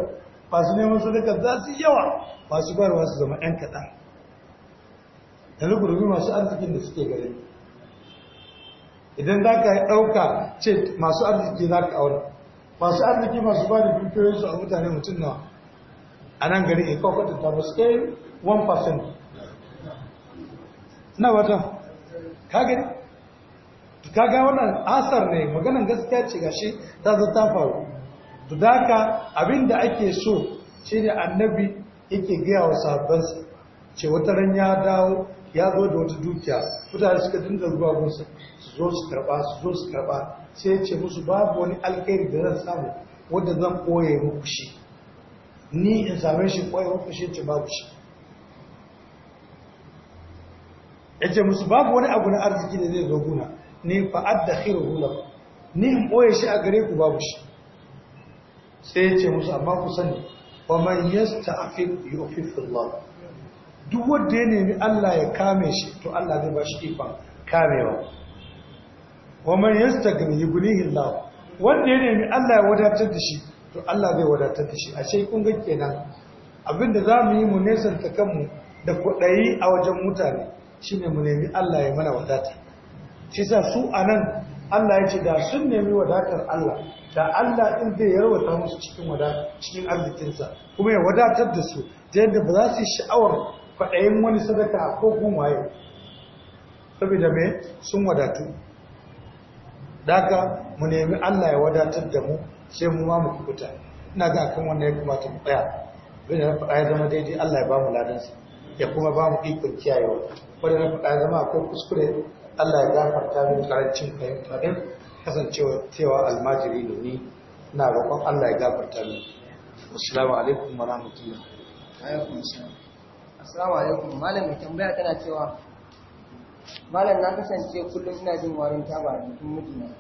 masu neman sadaka za su yawa masu bayarwa su zama yan kaɗan da gurbi masu arzikin da suke gare idan za ka ɗauka ce masu arziki za ka aure masu arziki masu ba da dukiyoyinsu a mutane mutum na a nan gari ya kawo ta masu kai 1% na wata kagani kaga wannan asar ne maganan gaskiya ce gashi ta zo ta faru to daka abinda ake so shine annabi yake gaya wa sahabbansa ce wata ran ya dawo ya zo da wata dukiya mutane suka dinga zuwa gunsa su zo su karba su zo su karba sai ya ce musu babu wani alkhairi da zan samu wanda zan koye muku shi ni in same shi koye muku shi ce babu shi ya ce musu babu wani abu na arziki da zai zo guna ni fa khiru hula ni in koye shi a gare ku babu shi sai ya ce musu amma ku sani wa man yasta'fif yu'fifillah duk wanda ya nemi Allah ya kame shi to Allah zai ba shi ikon kamewa wa man yastagni yughnihi Allah wanda ya nemi Allah ya wadatar da shi to Allah zai wadatar da shi ashe kun ga kenan abinda mu yi mu nesanta kanmu da kwaɗayi a wajen mutane shine mu nemi Allah ya mana wadata shi sa su anan Allah ya ce da sun nemi wadatar Allah da Allah in zai yarwata musu cikin cikin arzikinsa kuma ya wadatar da su ta yadda ba za su yi sha'awar faɗayin wani sadaka ko kunwaye, saboda mai sun wadatu daga mu nemi Allah ya wadatar da mu sai mu ma mu kubuta ina ga kan wannan ya kamata mu tsaya bin da faɗa ya zama daidai Allah ya ba mu ladansa ya kuma ba mu ikon kiyayewa wadda na faɗa ya zama ko kuskure Allah ya gafarta min karancin fahimta din kasancewa cewa almajiri ne ni na roƙon Allah ya gafarta min assalamu alaikum wa Assalamu alaikum. Malam mai tambaya tana cewa Malam na kasance kullum ina jin warin taba a jikin mijina.